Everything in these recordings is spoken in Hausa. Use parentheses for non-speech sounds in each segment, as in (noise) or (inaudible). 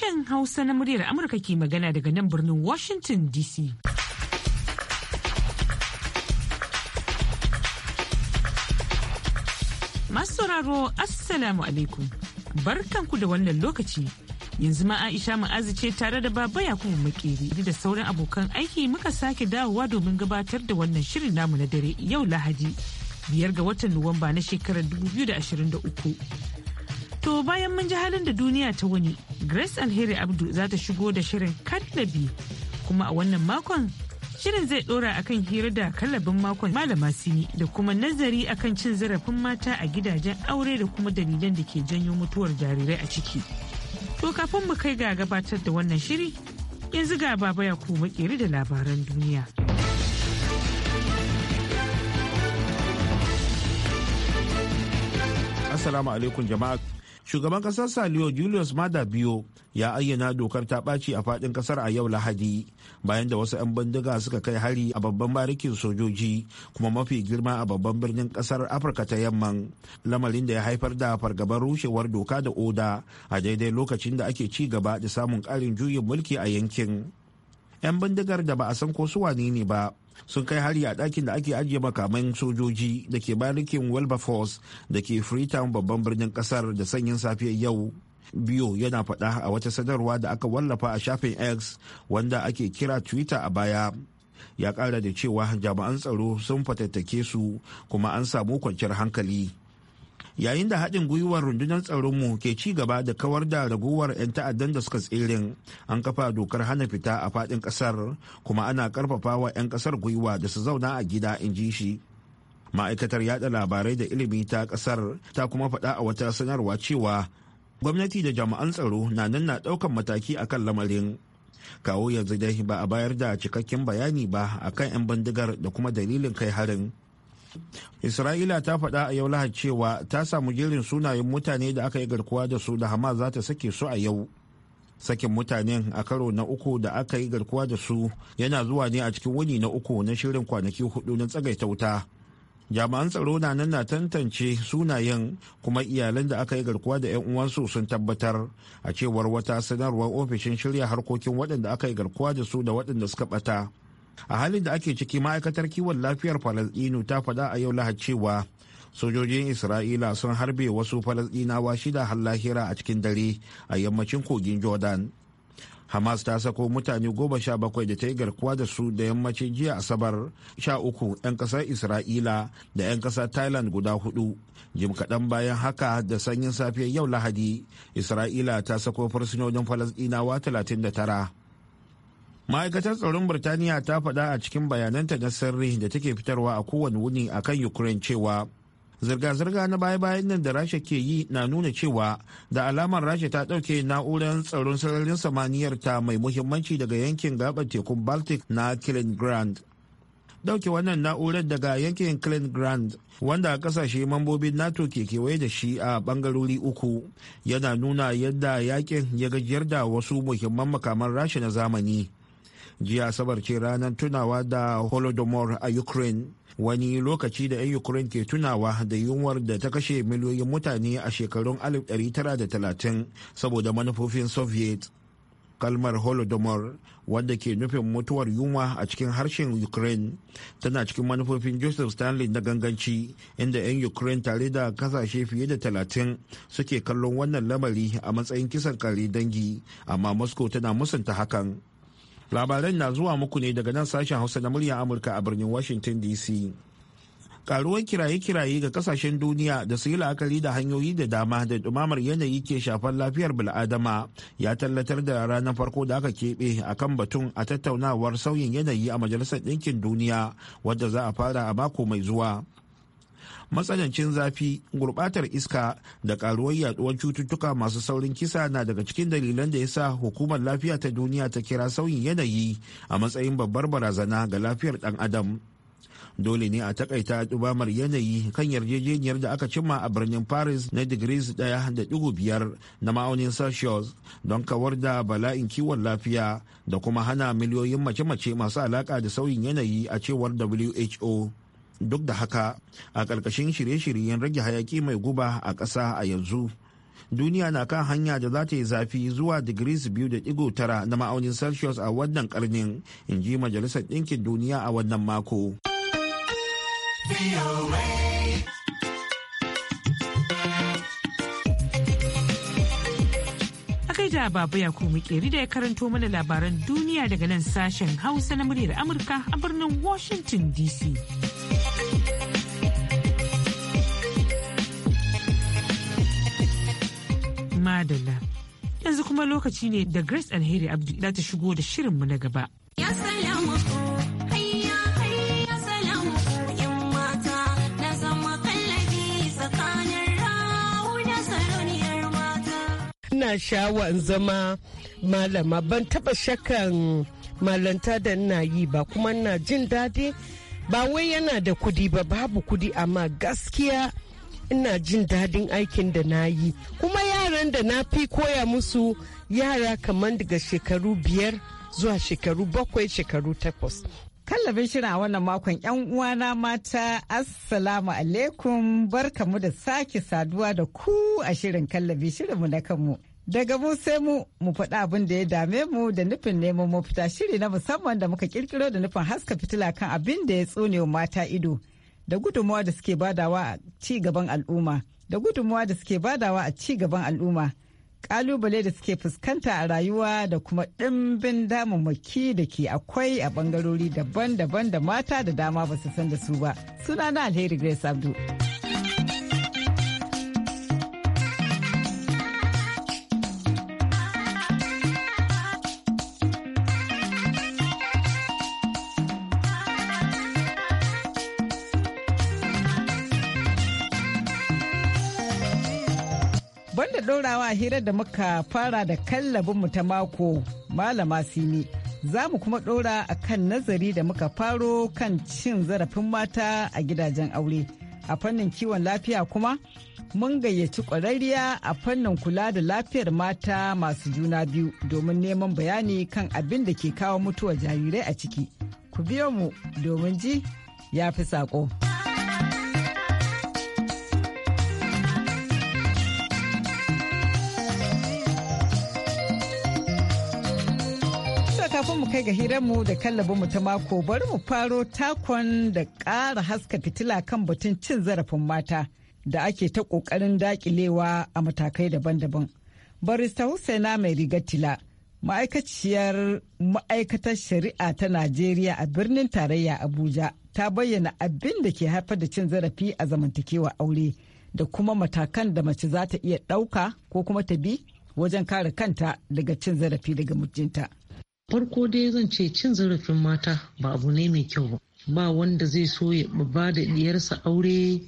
Sashen Hausa na muryar Amurka ke magana daga nan birnin Washington DC. Masu sauraro Assalamu alaikum. Barkanku da wannan lokaci. Yanzu ma Aisha Ma'azu ce tare da Baba Yakubu Makeri da sauran abokan aiki muka sake dawowa domin gabatar da wannan shirin namu na dare yau Lahadi. biyar ga watan Nuwamba na shekarar 2023. To bayan mun ji halin da duniya ta wani. Grace Alheri Abdu za ta shigo da shirin kallabi kuma a wannan makon shirin zai dora akan hira da kallabin makon malama sini da kuma nazari akan cin zarafin mata a gidajen aure da kuma dalilan da ke janyo mutuwar jarirai a ciki. To kafin mu kai ga gabatar da wannan shiri, yanzu ga baba ya kuma kere da labaran duniya. Assalamu alaikum jama'a shugaban kasar saliyo julius mada biyo ya ayyana dokar ta ɓaci a faɗin kasar a yau lahadi bayan da wasu 'yan bindiga suka kai hari a babban barikin sojoji kuma mafi girma a babban birnin kasar afirka ta yamman lamarin da ya haifar da fargabar rushewar doka da oda a daidai lokacin da ake ci gaba da samun ƙarin juyin mulki a yankin 'yan bindigar da ba a san ko su wane ne ba sun kai hari a ɗakin da ake ajiye makaman sojoji da ke barikin wilberforce da ke freetown babban birnin ƙasar da sanyin safiyar yau biyo yana faɗa a wata sadarwa da aka wallafa a shafin x wanda ake kira twitter a baya ya ƙara da cewa jami'an tsaro sun fatattake su kuma an samu kwanciyar hankali yayin da haɗin gwiwar rundunar tsaron mu ke ci gaba da kawar da ragowar 'yan ta'addan da suka tsirin, an kafa dokar hana fita a faɗin ƙasar kuma ana ƙarfafa 'yan ƙasar gwiwa da su zauna a gida in ji shi ma'aikatar yada labarai da ilimi ta ƙasar ta kuma faɗa a wata sanarwa cewa gwamnati da jami'an tsaro na nan na ɗaukan mataki a kan lamarin kawo yanzu dai ba a bayar da cikakken bayani ba akan 'yan bindigar da kuma dalilin kai harin Isra'ila ta faɗa a yau lahar cewa ta samu jerin sunayen mutane da aka yi garkuwa da su da Hamas za ta sake su a yau. Sakin mutanen a karo na uku da aka yi garkuwa da su yana zuwa ne a cikin wuni na uku na shirin kwanaki hudu na tsagaita wuta. Jami'an tsaro na nan na tantance sunayen kuma iyalan da aka yi garkuwa da 'yan uwansu sun tabbatar a cewar wata sanarwar ofishin shirya harkokin waɗanda aka yi garkuwa da su da waɗanda suka ɓata. a halin da ake ciki ma'aikatar kiwon lafiyar falasɗinu ta faɗa a yau lahad cewa sojojin isra'ila sun harbe wasu falasdinawa shida har lahira a cikin dare a yammacin kogin jordan hamas ta sako mutane goma sha bakwai da ta yi garkuwa da su da yammacin jiya asabar sha uku 'yan kasar isra'ila da 'yan kasar thailand guda hudu jim kaɗan bayan haka da sanyin safiyar yau lahadi isra'ila ta sako talatin falasɗinawa tara ma'aikatar tsaron burtaniya ta faɗa a cikin bayananta na sirri da take fitarwa a kowane wuni a kan ukraine cewa zirga-zirga na baya-bayan nan da rasha ke yi na nuna cewa da alamar rasha ta ɗauke na'urar tsaron sararin samaniyar ta mai muhimmanci daga yankin gabar tekun baltic na kilin grand ɗauke wannan na'urar daga yankin kilin grand wanda kasashe mambobin nato ke kewaye da shi a bangarori uku yana nuna yadda yakin ya gajiyar da wasu muhimman makaman rasha na zamani jiya asabar ce ranar tunawa da holodomor a ukraine wani lokaci da 'yan ukraine ke tunawa da yunwar da ta kashe miliyoyin mutane a shekarun 1930 saboda manufofin soviet kalmar holodomor wadda ke nufin mutuwar yunwa a cikin harshen ukraine tana cikin manufofin joseph stanley na ganganci inda 'yan ukraine tare da kasashe fiye da talatin suke kallon wannan lamari a matsayin kisan kare dangi amma moscow tana musanta hakan labaran na zuwa muku ne daga nan sashen hausa na murya amurka a birnin washington dc karuwar kiraye-kiraye ga kasashen duniya da su yi la'akari da hanyoyi da dama da dumamar yanayi ke shafar lafiyar bil'adama ya tallatar da ranar farko da aka keɓe a kan batun a tattaunawar sauyin yanayi a majalisar ɗinkin duniya wadda za a fara a mako mai zuwa matsanancin zafi gurbatar iska da karuwar yaduwar cututtuka masu saurin kisa na daga cikin dalilan da ya sa hukumar lafiya ta duniya ta kira sauyin yanayi a matsayin babbar barazana ga lafiyar dan adam dole ne a takaita dubamar yanayi kan yarjejeniyar da aka cimma a birnin paris na degrees ɗaya da biyar na ma'aunin celsius don kawar da bala'in kiwon lafiya da kuma hana miliyoyin mace-mace masu alaka da sauyin yanayi a cewar who duk da haka a ƙarƙashin shirye-shiryen rage hayaki mai guba a ƙasa a yanzu duniya na kan hanya da za ta yi zafi zuwa digiris biyu da digo tara na ma'aunin celsius a wannan karnin in ji majalisar ɗinkin duniya a wannan mako da babu ya komi keri da ya karanto mana labaran duniya daga nan sashen hausa na muryar amurka a birnin washington dc madalla. Yanzu kuma lokaci ne da Grace Alheri Abdu za ta shigo da shirinmu na gaba. Ina sha'awar zama malama ban taba shakan malanta da ina yi ba kuma ina jin daɗi ba wai yana da kudi ba babu kudi amma gaskiya ina jin daɗin aikin da na yi kuma ya auren da na fi koya musu yara kamar daga shekaru biyar zuwa shekaru bakwai shekaru takwas kallabin shirin a wannan makon yan uwana mata assalamu alaikum barkamu da sake saduwa da ku a shirin kallabi shirinmu na kanmu daga mu sai mu mu faɗi abin da ya dame mu da nufin neman mafita shiri na musamman da muka kirkiro da nufin haska fitila kan abin da ya tsone mata ido da gudunmawa da suke badawa a ci gaban al'umma da gudunmuwa da suke badawa a ci gaban al'umma kalubale da suke fuskanta a rayuwa da kuma ɗimbin damammaki da ke akwai a ɓangarori daban-daban da mata da dama ba su san da su ba sunana alheri grace abdul a hira da muka fara da kallabinmu ta mako malama sini za mu kuma ɗora a kan nazari da muka faro kan cin zarafin mata a gidajen aure a fannin kiwon lafiya kuma mun gayyaci ƙwararriya a fannin kula da lafiyar mata masu juna biyu domin neman bayani kan abin da ke kawo mutuwar jarirai a ciki ku biyo mu domin ji ya fi saƙo. kai ga hiranmu da kallabinmu ta mako bari mu faro takon da ƙara haska fitila kan batun cin zarafin mata da ake ta ƙoƙarin daƙilewa a matakai daban-daban. Barista Husaina mai rigar ma'aikaciyar ma'aikatar shari'a ta Najeriya a birnin tarayya Abuja ta bayyana abin da ke haifar da cin zarafi a zamantakewa aure da kuma matakan da mace za ta iya ɗauka ko kuma ta bi wajen kare kanta daga cin zarafi daga mijinta. farko dai zan ce cin zarafin mata ba abu ne mai kyau ba ba wanda zai so ya ba da diyarsa aure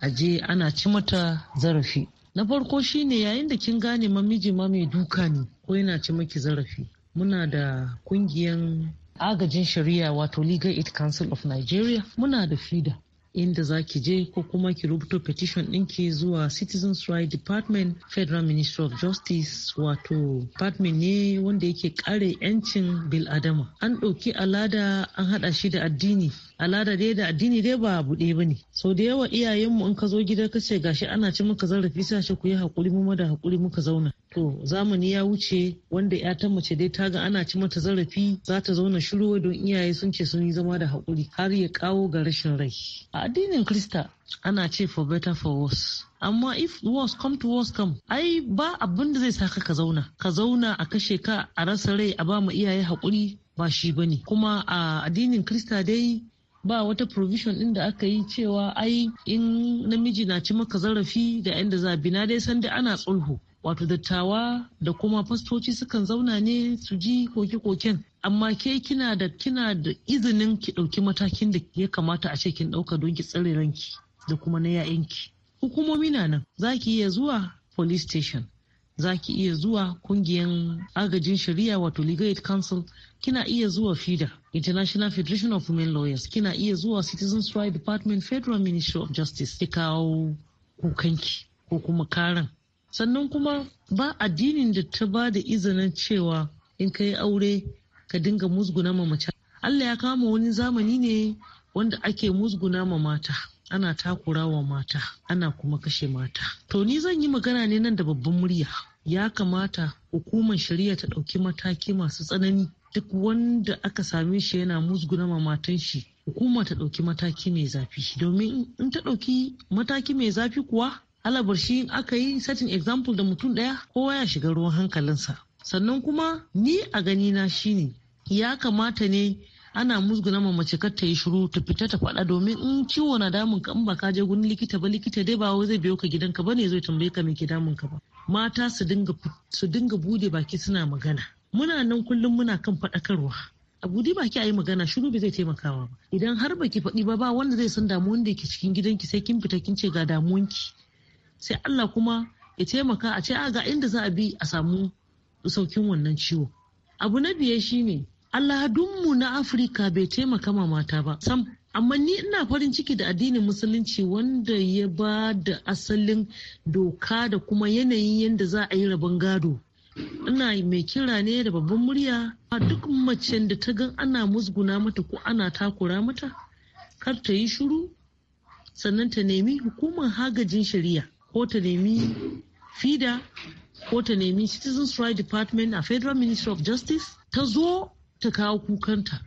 a je ana ci mata zarafi na farko shine yayin da kin gane mamiji ma mai duka ne ko yana ci maki zarafi muna da kungiyan agajin shari'a wato legal aid council of nigeria muna da fida inda za ki je ko kuma ki rubuto petition ɗinki zuwa Citizens Right Department Federal Ministry of Justice wato department ne wanda yake kare 'yancin bil'adama. An ɗauki alada an haɗa shi da addini al'ada dai da addini dai ba buɗe ba ne sau da yawa iyayenmu in ka zo gida ka ce gashi ana ci maka zarafi sa shi ku yi haƙuri mu da haƙuri muka zauna to zamani ya wuce wanda ya ta mace dai ta ga ana ci mata zarafi za ta zauna shiru don iyaye sun ce sun yi zama da haƙuri har ya kawo ga rashin rai a addinin krista ana ce for better for worse amma if worse come to worse come ai ba abin da zai saka ka zauna ka zauna a kashe ka a rasa rai a ba mu iyaye haƙuri ba shi bane kuma a addinin krista dai ba wata provision din da aka yi cewa ai in namiji na ci maka zarafi da yan da zabi na dai san da ana tsulhu wato dattawa da kuma fastoci sukan zauna ne su ji koke-koken amma ke kina da kina da izinin ki ɗauki matakin da ya kamata a ce kin ɗauka don ki tsare ranki da kuma na 'ya'yanki hukumomi na nan za ki iya zuwa police station za ki iya zuwa kungiyan agajin shari'a wato legal aid council kina iya zuwa FIDA International Federation of Women Lawyers kina iya zuwa Citizens Right Department Federal Ministry of Justice ki kawo kukanki ko kuma karan sannan kuma ba addinin da ta ba da izinin cewa in ka yi aure ka dinga musguna ma mace Allah ya kama wani zamani ne wanda ake musguna ma mata ana takura wa mata ana kuma kashe mata to ni zan yi magana ne nan da babban murya ya kamata hukumar shari'a ta ɗauki mataki masu tsanani duk wanda aka same shi yana musguna mamatan matan shi hukuma ta ɗauki mataki mai zafi domin in ta ɗauki mataki mai zafi kuwa alabar shi aka yi satin example da mutum ɗaya kowa ya shiga ruwan hankalinsa sannan kuma ni a gani na shine ya kamata ne ana musguna ma mace kar ta yi shiru ta fita ta faɗa domin in ciwo na damun ka in ba ka je gurin likita ba likita dai ba zai biyo ka gidanka ba ne zai tambaye ka me ke damun ka ba mata su dinga su dinga bude baki suna magana muna nan kullum muna kan faɗakarwa a budi baki a yi magana shiru ba zai taimakawa ba idan har baki faɗi ba ba wanda zai san damuwan da yake cikin gidanki sai kin fita kin ce ga damuwanki sai Allah kuma ya taimaka a ce a ga inda za a bi a samu saukin wannan ciwo abu na biye shine al'adunmu na afirka bai taimaka ma mata ba sam amma ni ina farin ciki da addinin musulunci wanda ya ba da asalin doka da kuma yanayin yadda za a yi rabon gado ina mai kira ne da babban murya a duk macen da ta gan ana musguna mata ko ana takura mata kar ta yi shuru sannan ta nemi hukumar hagajin shari'a ko ta nemi fida ko ta nemi citizens right department a federal ministry of justice ta zo ta kawo kukanta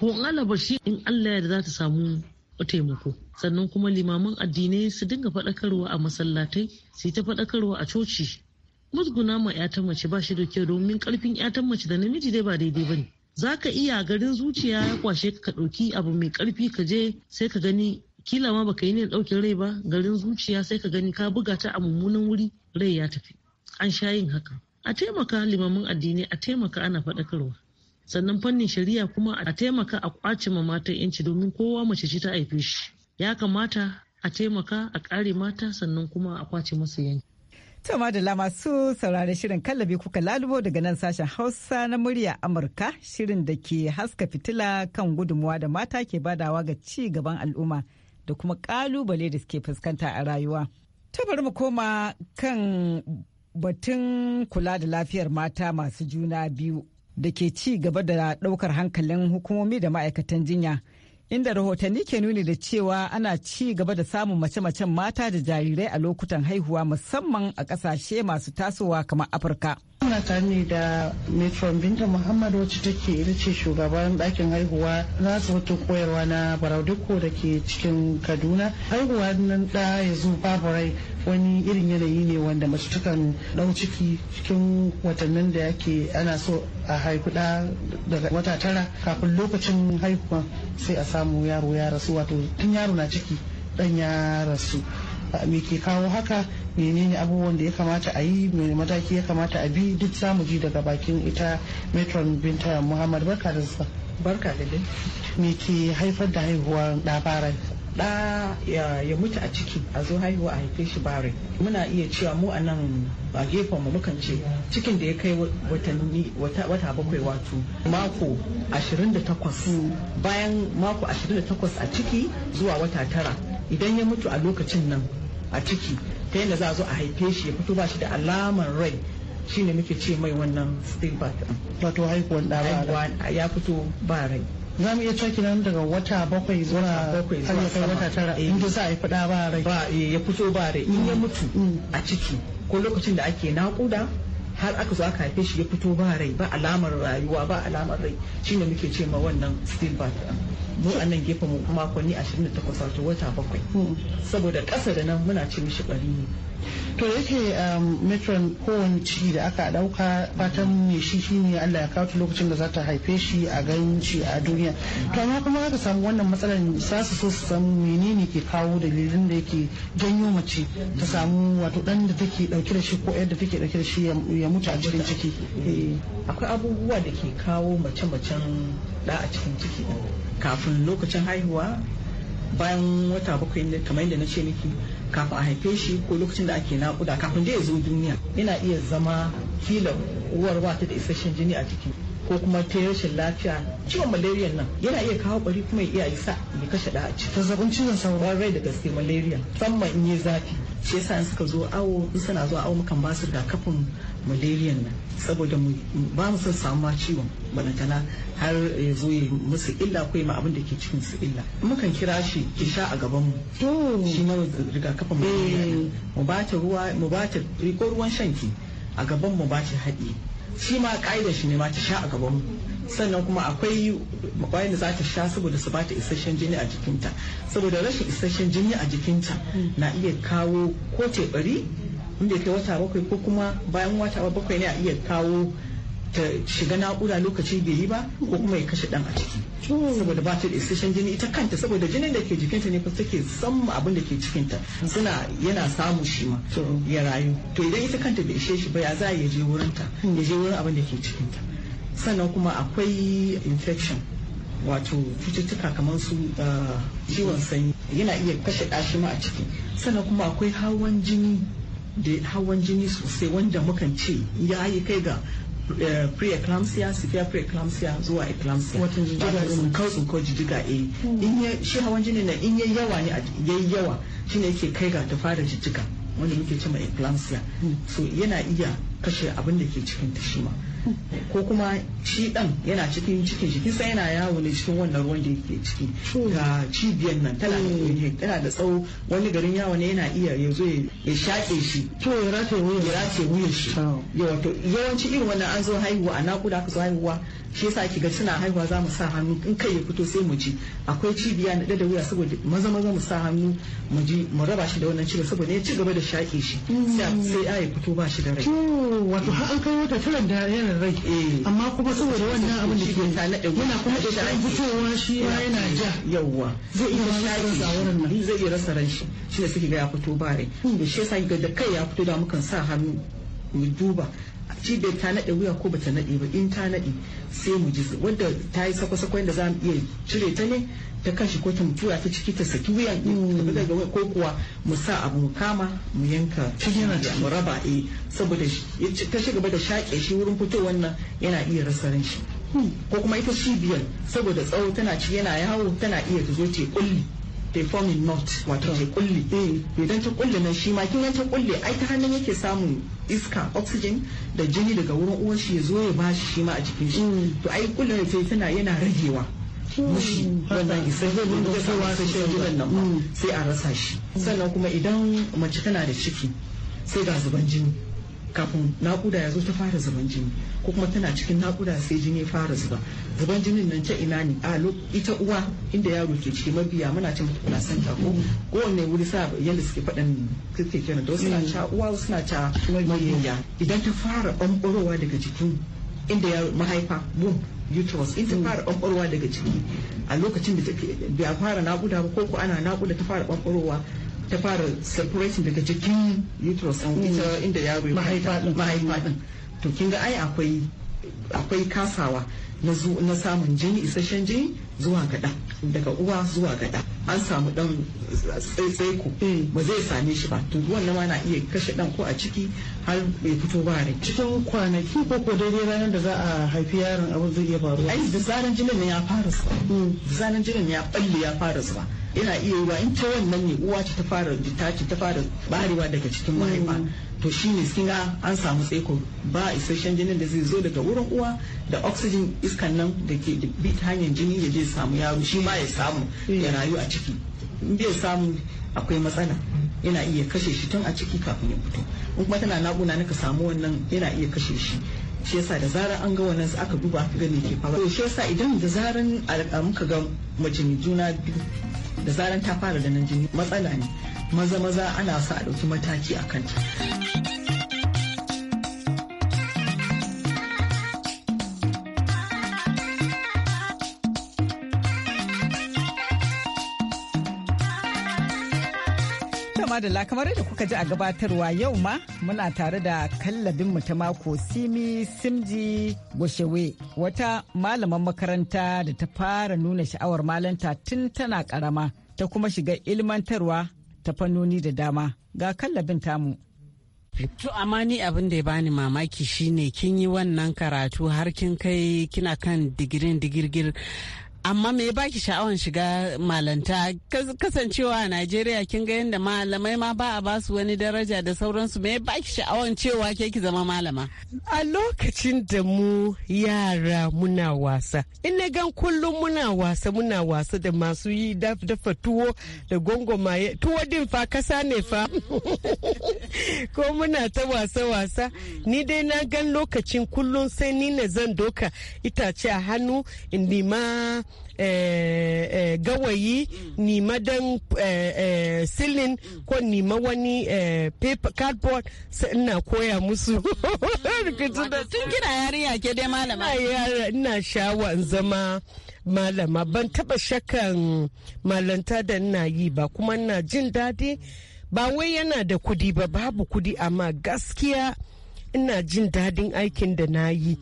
ko alaba shi in allah ya za ta samu taimako sannan kuma limaman addinai su dinga faɗakarwa a masallatai su ta faɗakarwa a coci musguna ma 'ya mace ba shi da kyau domin ƙarfin 'ya mace da namiji dai ba daidai ba ne za ka iya garin zuciya ya kwashe ka ɗauki abu mai ƙarfi ka je sai ka gani kila ma baka yi ne ɗaukin rai ba garin zuciya sai ka gani ka buga ta a mummunan wuri rai ya tafi an sha yin haka a taimaka limamin addini a taimaka ana faɗakarwa sannan fannin shari'a kuma a taimaka a ƙwace ma mata yanci domin kowa mace ce ta haife shi ya kamata a taimaka a ƙare mata sannan kuma a ƙwace masa yanki Tama da masu saurari shirin kallabi kuka lalubo daga nan sashen Hausa na murya Amurka shirin da ke haska fitila kan gudunmuwa da mata ke badawa ga ci gaban al'umma da kuma kalubale da suke fuskanta a rayuwa. Ta bari mu koma kan batun kula da lafiyar mata masu juna biyu da ke ci gaba da ɗaukar hankalin hukumomi da ma'aikatan jinya. inda rahotanni ke nuni da cewa ana ci gaba da samun mace-macen mata da jarirai a lokutan haihuwa musamman a ƙasashe masu tasowa kamar Afirka. Muna tare ne da Metron Binta Muhammad wacce take ita ce shugaban ɗakin haihuwa na asibitin koyarwa na Baraudiko da ke cikin Kaduna. Haihuwa nan ɗa ya zo wani irin yanayi ne wanda mace takan ɗau ciki cikin watannin da yake ana so a haihu ɗa daga wata tara kafin lokacin haihuwa sai a samu yaro ya rasu wato tun yaro na ciki ɗan ya rasu. me ke kawo haka menene abubuwan da ya kamata a yi mene mataki ya kamata a bi duk zamu ji daga bakin ita metron binta muhammad barka da zuwa barka da dai me ke haifar da haihuwar da fara da ya, mutu a ciki a zo haihuwa a haife shi bare muna iya cewa mu a nan a gefen mu mukan ce cikin da ya kai watanni wata, bakwai wato mako 28 bayan mako 28 a ciki zuwa wata tara idan ya mutu a lokacin nan a ciki ta yadda za a zo a haife shi ya fito ba shi da alamar rai shi ne muke ce mai wannan stigmat wato haihuwan da ya fito ba rai za mu iya caki nan daga wata bakwai zuwa bakwai zuwa sama wata tara eh. in za a yi fada ba rai ba eh, ya fito ba rai in ya mm. mutu mm. a ciki ko lokacin da ake nakuda har aka zo aka haife shi ya fito ba rai ba alamar rayuwa ba alamar rai shi ne muke ce ma wannan stigmat mu a nan gefen mu makonni 28 wata bakwai hmm. saboda kasa da nan muna ce mishi ɓari ne to yake metron um, kowane ciki da aka dauka fatan mai shi shine Allah ya kawo lokacin da za ta haife shi a gan shi a duniya to amma kuma aka samu wannan matsalar za su so su san menene ke kawo dalilin da yake janyo mace ta samu wato dan da take dauke da shi ko yadda take dauke da shi ya mutu a cikin ciki eh. akwai abubuwa da ke kawo mace-macen da a cikin ciki kafin lokacin haihuwa bayan wata bakwai kamar yadda na ce miki kafin a haife shi ko lokacin da ake naƙuda kafin da ya zo duniya yana iya zama kila uwar wata da isasshen jini a jiki ko kuma ta rashin lafiya ciwon malaria nan yana iya kawo bari kuma ya iya sa ya kashe da a ciki zazzabin cizon sauro rai da gaske malaria musamman in yi zafi shi yasa suka zo awo in suna zuwa awo mukan ba su rigakafin malaria nan saboda ba mu son samu ma ciwon balantana har ya zo ya musu illa ko ma abin da ke cikin su illa mukan kira shi ki sha a gaban mu oh. shi na rigakafin malaria eh. mu ba ta ruwa mu ba ta ko ruwan shanki a gaban mu ba ta haɗi shi ma ka'idar shi ne ma ta sha a gaban mu sannan kuma akwai bayan da za ta sha saboda su bata isasshen jini a jikinta saboda rashin isasshen jini a jikinta na iya kawo ko teɓari inda kai wata bakwai ko kuma bayan wata bakwai ne a iya kawo ta shiga na'ura lokaci bai yi ba ko kuma ya kashe dan a ciki saboda ba ta da isasshen jini ita kanta saboda jinin da ke jikinta ne kusa take san abin da ke cikinta suna yana samu shi ma ya rayu to idan ita kanta bai ishe shi ba ya za ya je wurinta ya je wurin abin da ke cikinta sannan kuma akwai infection wato cututtuka kamar su ah, ciwon sanyi yana iya kashe ɗashi ma a ciki sannan kuma akwai hawan jini da hawan jini sosai wanda mukan ce ya yi kai ga Eh, preeclampsia severe preeclampsia zuwa eclampsia wata jijiga din kawo ko jijiga A. Eh. Hmm. in ya shi hawan jini na in yayi yawa ne yayi yawa ne yake kai ga ta fara jijiga wanda muke cewa eclampsia hmm. so yana iya kashe abin da ke cikin ta shi ma ko kuma shi dan yana cikin cikin shi kisa yana yawo ne cikin wannan ruwan da yake ciki ga cibiyar nan tana da tana da tsawo wani garin yawo ne yana iya ya zo ya shaƙe shi to ya rataye wuyan ya wuyan shi yawanci irin wannan an zo haihuwa a nakuda aka zo haihuwa shi yasa ake ga suna haihuwa za mu sa hannu in kai ya fito sai mu ji akwai cibiya na da wuya saboda maza maza mu sa hannu mu ji mu raba shi da wannan cibiya saboda ya ci gaba da shaƙe shi sai a ya fito ba shi da rai wato har an kai wata tara da yana rai eh. amma kuma saboda wannan abin da ke yana kuma da shi fitowa shi ma yana ja yawwa zai iya shaƙe zai iya rasa ran shi shi da suke ga ya fito ba rai hmm. shi yasa ga da kai ya fito da mukan sa hannu mu duba cibiyar ta naɗe wuya ko bata naɗe ba in ta naɗe sai mu ji wanda ta yi sako da za mu iya cire ta ne ta kashi ko ta mutu ta ciki ta saki wuyan in daga ko kuwa mu sa abu mu kama mu yanka mu raba e saboda ta ci gaba da shaƙe shi wurin fito wannan yana iya rasa ranshi hmm. ko kuma ita cibiyar saboda tsawo tana ci yana yawo tana iya ta zo yi kulli they form knot wato ce kulle eh idan ta kulle nan shi ma kin ta kulle ai ta hannun yake samun iska oxygen da jini daga wurin uwar shi ya zo ya bashi shi ma a cikin shi mm. to ai kulle sai tana yana ragewa mm. mushi wannan isa zai mun da sai wasu shan nan mm. sai a rasa shi sannan kuma idan mace tana da ciki sai ga zuban jini kafin nakuda ya zo ta fara zuban jini ko kuma tana cikin nakuda sai jini ya fara zuba zuban jinin nan ta ina ne a ita uwa inda yaro ke ciki mabiya muna cin placenta ko ko ne wuri sa yadda suke fadan suke kenan to suna mm. cha uwa suna cha mabiya idan ta fara bambarowa daga jikin inda yaro mahaifa boom uterus in ta mm. fara bambarowa daga ciki a lokacin da take bai fara nakuda ba ko ko ana nakuda ta fara bambarowa ta fara separating daga jikin uterus ita mm. inda yaro ya mahaifa din to kin ga ai akwai akwai kasawa na samun jini isasshen jini zuwa gada daga uwa zuwa gada an samu dan ku mm. ba zai same shi ba to wannan ma na iya kashe dan ko a ciki har bai fito ba rai cikin kwanaki ko ko daidai ranar da za a haifi yaron abin zai iya faruwa ai da zaran jinin ya fara zuwa mm. da zaran jinin ya balle ya fara zuwa Ina iya yiwa in ta wannan ne uwa ce ta fara ta ce ta fara barewa daga cikin mm. mahaifa to shine singa an samu tsaiko ba isasshen jinin da zai zo daga wurin uwa da oxygen iskan nan da ke bi ta hanyar jini ya je samu yaro shi ma ya samu mm. ya rayu a ciki in bai samu akwai matsala yana iya kashe shi tun a ciki kafin ya fito in kuma tana na naka samu wannan yana iya kashe shi shi yasa da zarar an ga wannan aka duba aka gani ke faruwa to shi yasa idan da zarar muka ga mace mai juna biyu da zaran ta fara ganin jini matsala ne maza maza ana sa a ɗauki mataki a kanta. madalla kamar da kuka ji a gabatarwa yau ma muna tare da kallabin mu ta mako simi simji gushewe wata malaman makaranta da ta fara nuna sha'awar malanta tun tana karama ta kuma shiga ilmantarwa ta fannoni da dama ga kallabin tamu To amma ni abin da ya bani mamaki shine kin yi wannan karatu har kin kai kina kan digirin digirgir amma me ba ki sha'awar shiga malanta kasancewa a najeriya kin ga yadda malamai ma ba a ba su wani daraja da sauransu me ba ki sha'awar cewa ke ki zama malama a lokacin da mu yara muna wasa in gan kullum muna wasa muna wasa da masu yi dafa tuwo da ya tuwo din fa kasa ne fa (laughs) ko muna ta wasa-wasa ni dai na gan lokacin kullum sai ni na zan doka itace a hannu in nima Eh, eh, gawayi mm. nimadan eh, silin mm. ko nima wani paper cardboard sai ina koya musu mm. (laughs) tun kina yarinya ke dai malama ina sha'awar zama malama ban taba shakan malanta da ina yi ba kuma ina jin daɗi ba wai yana da kudi ba babu kudi amma gaskiya ina jin daɗin aikin da na yi.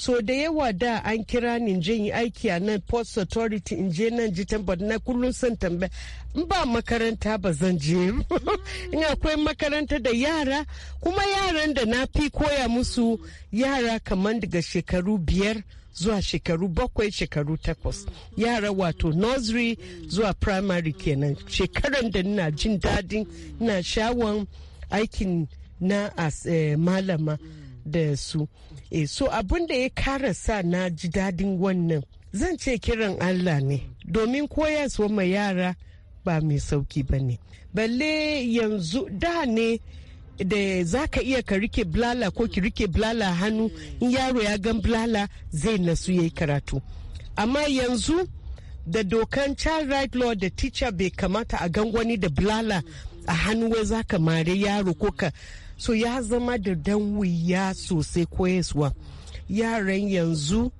so da yawa da an kira ni je yi aiki a nan post authority in je nan ji tambar na kullum san tambaya in ba makaranta ba zan je (laughs) in akwai makaranta da yara kuma yaran da na fi koya musu yara kamar daga shekaru biyar zuwa shekaru bakwai shekaru takwas yara wato nursery zuwa primary kenan shekaran da nina jin dadin na shawon aikin na as eh, malama da su e so abin da ya kara sa na ji dadin wannan zan ce kiran allah ne domin koyaswa ma yara ba mai sauki ba ne balle yanzu da ne da za ka iya ka rike blala ko ki rike blala hannu in yaro ya gan blala zai nasu ya yi karatu amma yanzu da dokan child right law da teacher bai kamata a gan wani da blala a hannu wai za ka mare yaro ko ka so ya zama da dan wuya sosai koyaswa yaran yanzu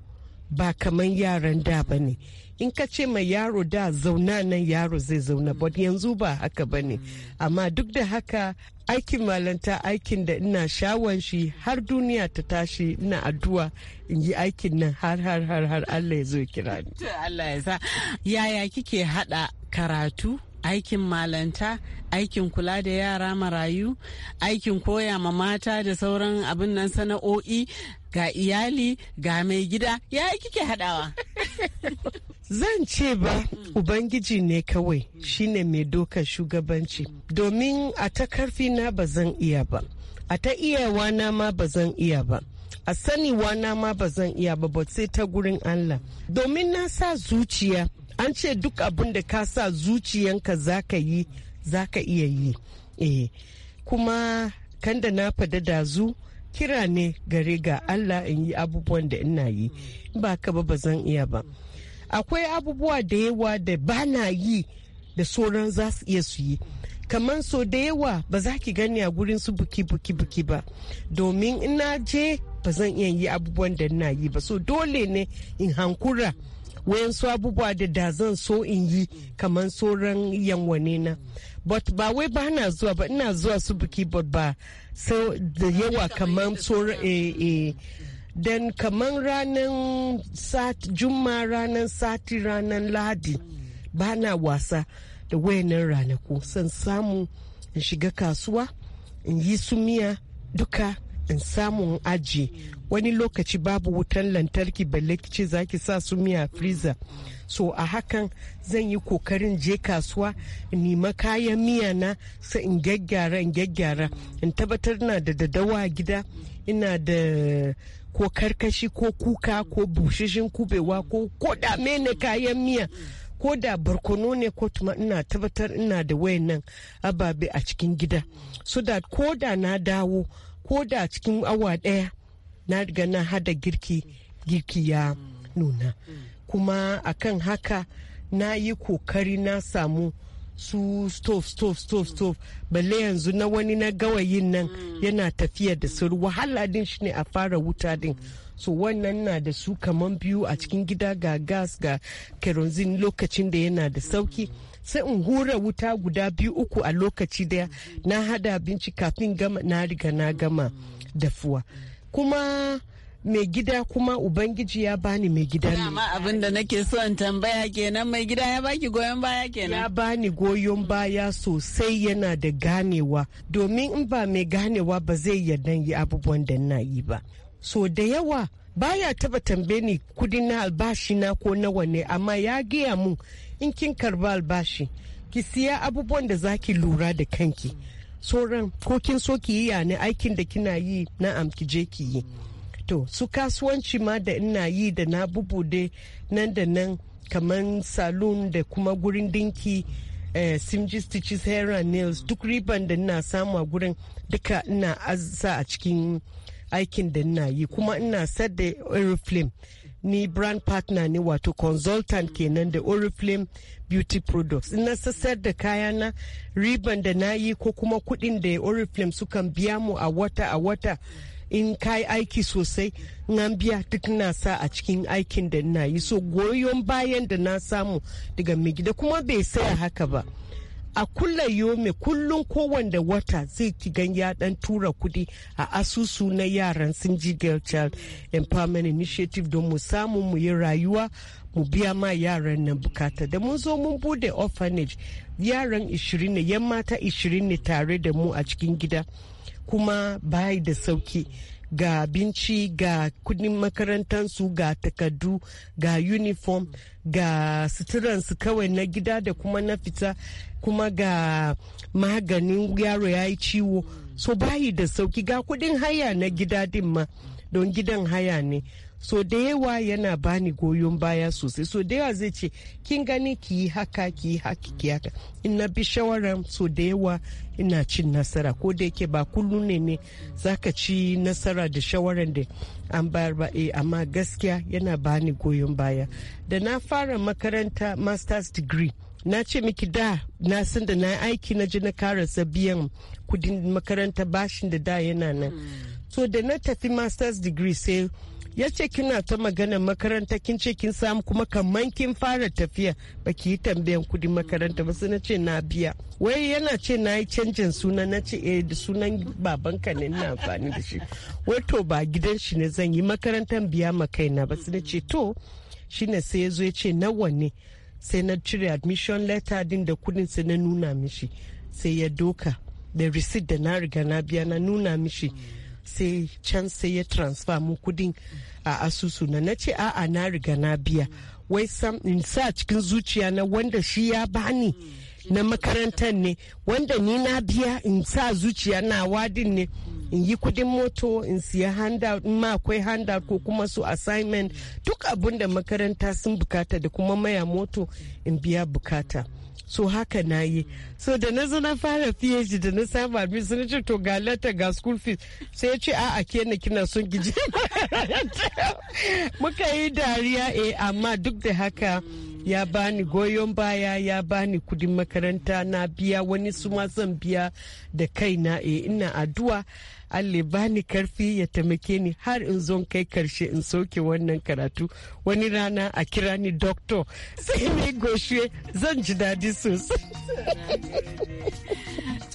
ba kaman yaran da ba ne in ka ce mai yaro da zauna nan yaro zai zauna but yanzu ba haka ba ne amma duk da haka aikin malanta aikin da ina shawon shi har duniya ta tashi ina addu'a in yi aikin nan har har har har Allah ya zo kira ni. yaya kike hada karatu aikin malanta aikin kula da yara marayu aikin koya ma mata da sauran abin nan sana'o'i ga iyali ga mai gida ya kike hadawa (laughs) zan ce ba ubangiji ne kawai shine mai dokar shugabanci domin a ta karfi na ba zan iya ba a ta iyawa na ma ba zan iya ba a saniwa na ma ba zan iya ba ba sai ta gurin allah domin na sa zuciya an ce duk abin da ka sa zuciyanka za ka yi za ka iya yi eh kuma kan da na fada zu kira ne gare ga allah in yi abubuwan da ina yi ba ka ba zan iya ba akwai abubuwa da yawa da ba na yi da sauran za su iya su yi kamar so da yawa ba za ki gani a gurin su buki buki buki ba domin ina je ba zan iya yi abubuwan da na yi ba so dole ne in hankura wayansu abubuwa da da zan so in yi kamar sauran yanwane na but ba wai ba na zuwa ba ina zuwa su biki but ba sai da yawa kamar sauran eh, dan kamar ranar sati juma ranar sati ranar lahadi ba na wasa da wayannan ranaku san samu in shiga kasuwa in yi su miya duka in samun aji wani lokaci babu wutan lantarki balle ce zaki sa su miya freezer so a hakan zan yi kokarin je kasuwa nima kayan miya na sai in gyaggyara in gyaggyara in tabbatar na da dadawa gida ina da ko karkashi ko kuka ko bushishin kubewa ko koda me mene kayan miya ko da barkono ne ko tuma ina tabbatar ina da wayannan ababe a cikin gida so da ko da na dawo ko da cikin awa ɗaya na riga na hada girki girki ya nuna kuma akan haka na yi kokari na samu su stove stove stove stove balle yanzu na wani na gawayin nan yana tafiya da su wahala din shi ne a fara wuta din so wannan na da su kaman biyu a cikin gida ga gas ga kerosene lokacin da yana da sauki mm -hmm. sai in hura wuta guda biyu uku a lokaci daya na hada abinci kafin gama na riga na gama dafuwa kuma mai gida kuma ubangiji ya bani mai gida ne dama abin da nake son tambaya kenan mai gida ya baki goyon baya kenan ya bani goyon baya sosai yana da ganewa domin in ba mai ganewa ba zai yarda yi abubuwan da na yi ba so da yawa baya taba tambaye ni kudin na albashi ko nawa ne amma ya gaya mun in kin karba albashi ki siya abubuwan da za ki lura da kanki sauran ko kin so ki yi yani aikin da kina yi na amki je ki yi to su kasuwanci ma da ina yi da na bubude nan da nan kamar saloon da kuma gurin dinki eh, simji stitches hair nails duk riban da ina samu a gurin duka ina sa a cikin aikin da ina yi kuma ina sa da oriflame ni brand partner ne wato consultant kenan da oriflame beauty products ina sassar da kayana riban da na yi ko kuma kudin da oriflame sukan biya mu a wata a wata in kai aiki sosai na biya duk na sa a cikin aikin da na yi so goyon bayan da na samu daga mai kuma bai saya haka ba a kulla yomi kullum kowanne wata zai ki gan dan tura kudi a asusu na yaran sun ji girl child empowerment initiative don mu samu mu yi rayuwa mu biya ma yaran nan bukata da mun zo mun bude orphanage yaran 20 ne yan mata ishirin ne tare da mu a cikin gida kuma bai da sauki ga abinci ga kudin makarantansu ga takardu ga uniform ga suturansu kawai na gida da kuma na fita kuma ga maganin yaro ya yi ciwo so bayi da sauki ga kudin haya na gida din ma don gidan haya ne so da yawa yana bani goyon baya sosai so da yawa zai ce kin gani ki yi haka ki yi haka ki haka in na bi shawaran so da yawa ina cin nasara ko da yake ba kullum ne ne zaka ci nasara da shawaran da an bayar ba eh amma gaskiya yana bani goyon baya da na fara makaranta masters degree na ce miki da na san da na aiki na ji na karasa biyan kudin makaranta bashin da da yana nan hmm. so da na tafi masters degree sai ya ce kina ta magana makaranta kin ce kin samu kuma kamar kin fara tafiya baki yi tambayan kudin makaranta ba sai na ce na biya wai yana ce na yi canjin suna na ce eh da sunan babanka ne na amfani da shi wai to ba gidan shi ne zan yi makarantar biya ma kaina ba sai na ce to shine sai ya zo ya ce nawa ne sai na cire admission letter din da kudin sai na nuna mishi sai ya doka da receipt da na riga na biya na nuna mishi mm. sai can sai ya transfer mu kudin a asusu na na ce a'a na riga na biya wai sam in sa cikin zuciya na wanda shi ya bani na makarantar ne wanda ni na biya in sa zuciya na wadin ne in yi kudin moto in siya handout in ma akwai handout ko kuma su assignment duk abin da makaranta sun bukata da kuma maya moto in biya bukata. so haka na yi so da na zo na fara phd da na samu admission ce to ga letter ga school fees sai ya ce a'a ke na kina son gije (laughs) muka yi dariya eh amma duk da haka ya bani goyon baya ya bani kudin makaranta na biya wani su ma zan biya da kaina eh ina addu'a Allah bani karfi ya taimake ni har in zo kai karshe in soke wannan karatu wani rana a kira ni doctor sai ni goshe zan ji dadi sosai (laughs)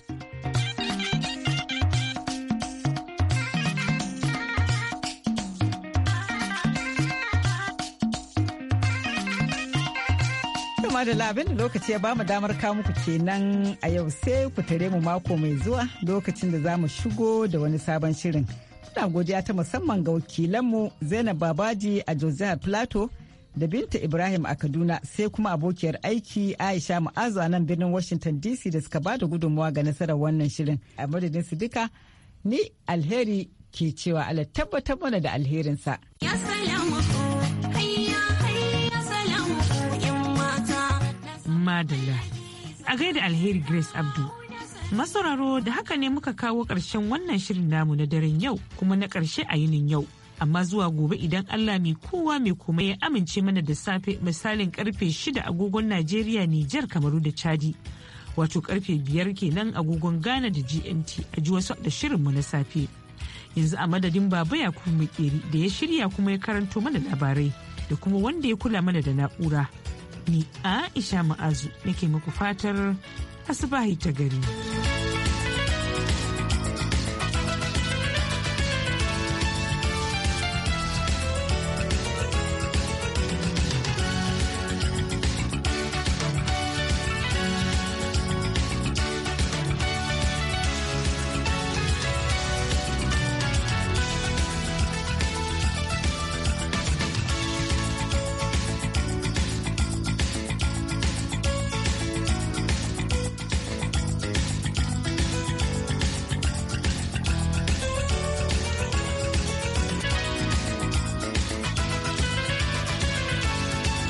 kuma da labin lokaci ya bamu damar kamuku muku kenan a yau sai ku tare mu mako mai zuwa lokacin da za mu shigo da wani sabon shirin. kuna godiya ta musamman ga wakilanmu Zainab Babaji a Josiah plato da Binta Ibrahim a Kaduna sai kuma abokiyar aiki Aisha Mu'azu a nan birnin Washington DC da suka ba da gudunmawa ga nasarar wannan shirin. A madadin su duka ni alheri ke cewa Allah tabbatar mana da alherinsa. Ya madalla a gaida alheri grace abdu masauraro da haka ne muka kawo ƙarshen wannan shirin namu na daren yau kuma na ƙarshe a yinin yau amma zuwa gobe idan allah mai kowa mai kuma ya amince mana da safe misalin karfe shida agogon najeriya nijar kamaru da chadi wato karfe biyar kenan agogon ghana da gmt a ji wasu da shirinmu na safe yanzu a madadin baba ya kuma makeri da ya shirya kuma ya karanto mana labarai da kuma wanda ya kula mana da na'ura ni a Aisha Ma'azu nake muku fatar asibahi ta gari.